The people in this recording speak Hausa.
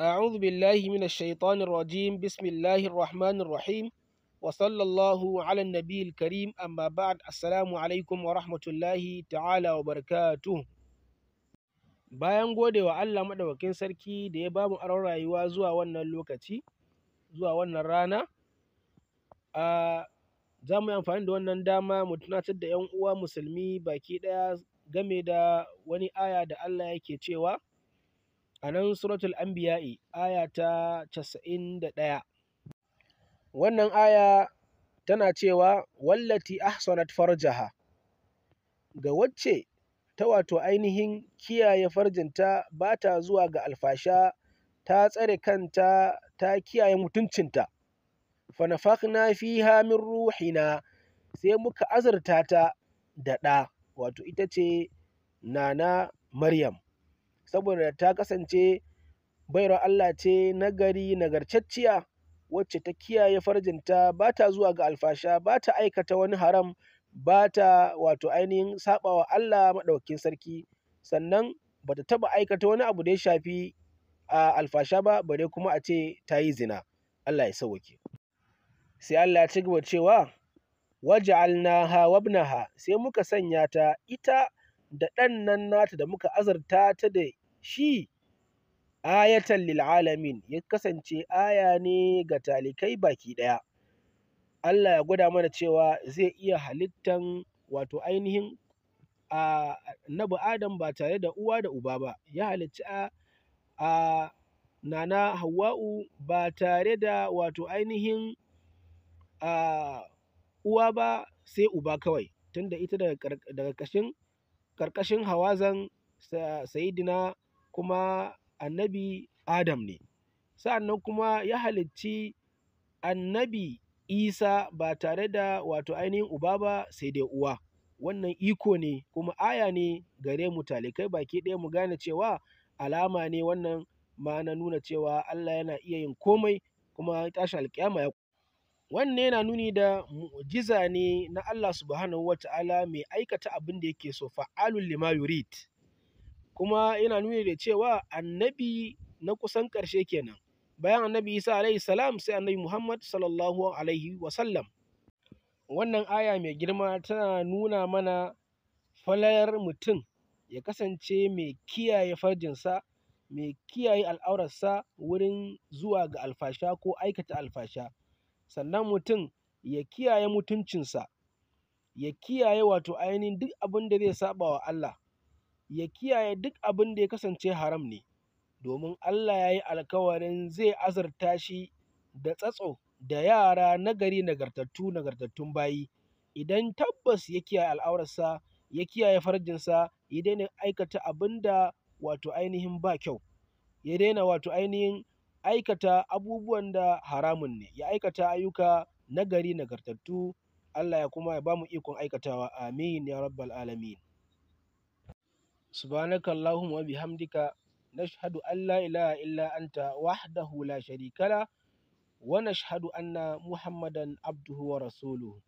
أعوذ بالله من الشيطان الرجيم بسم الله الرحمن الرحيم وصلى الله على النبي الكريم أما بعد السلام عليكم ورحمة الله تعالى وبركاته bayan gode wa Allah maɗaukakin sarki da ya bamu aron rayuwa zuwa wannan lokaci zuwa wannan rana a za mu yi amfani da wannan dama mu tunatar da 'yan uwa musulmi baki ɗaya game da wani aya da Allah yake cewa a nan suratul anbiya'i aya ta casa'in da ɗaya wannan aya tana cewa wallati ahsanat farjaha ga wacce ta wato ainihin kiyaye farjinta ba ta zuwa ga alfasha ta tsare kanta ta kiyaye mutuncinta fanafakna fi min ruhina sai muka azurta ta da ɗa wato ita ce nana maryam saboda ta kasance baiwar Allah ce nagari nagarcacciya wacce ta kiyaye farjinta ba ta zuwa ga alfasha ba ta aikata wani haram ba ta wato ainihin saɓawa Allah maɗaukin sarki sannan ba ta taɓa aikata wani abu da ya shafi a alfasha ba bare kuma a ce ta yi zina Allah ya sauwake sai Allah ya ci gaba cewa ha wabnaha sai muka sanya ta ita da ɗan nan nata da muka azarta ta da shi ayatan lil alamin ya kasance aya ne ga talikai baki ɗaya. Allah ya gwada mana cewa zai iya halittan wato ainihin a nabi Adam ba tare da uwa da uba ba, ya halicci a, a nana Hawwa'u ba tare da wato ainihin a uwa ba sai uba kawai, tunda ita daga ƙarƙashin hawazan sayidina kuma annabi Adam ne. Sa'annan kuma ya halicci annabi Isa ba tare da wato ainihin uba ba sai dai uwa. Wannan iko ne kuma aya ne gare mu talikai baki ɗaya mu gane cewa alama ne wannan ma na nuna cewa Allah yana iya yin komai kuma tashi alƙiyama ya wannan yana nuni da mu'jiza ne na Allah subhanahu wa ta'ala mai aikata abin da yake so fa'alun lima yurid kuma yana nuni da cewa annabi na kusan ƙarshe kenan bayan annabi isa alaihi salam sai annabi muhammad sallallahu alaihi wasallam wannan aya mai girma tana nuna mana falayar mutum ya kasance mai kiyaye farjinsa mai kiyaye al'aurarsa wurin zuwa ga alfasha ko aikata alfasha sannan mutum ya kiyaye mutuncinsa ya kiyaye wato ainihin duk abin da zai saba wa Allah ya kiyaye duk abin da ya kasance haram ne, domin Allah ya yi alkawarin zai azurta shi da tsatso da yara nagari nagartattu nagartattun bayi, idan tabbas ya kiyaye al'aurarsa, ya kiyaye farjinsa, ya daina aikata abin da wato ainihin ba kyau, ya daina wato ainihin aikata abubuwan da haramun ne, ya aikata ayyuka nagari nagartattu, Allah ya kuma ya ba mu ikon aikatawa, amin ya rabbal alamin. subhanakallahumma wa bihamdika nashhadu an la ilaha illa anta wahdahu la sharika la wa nashhadu anna muhammadan abduhu Rasulu.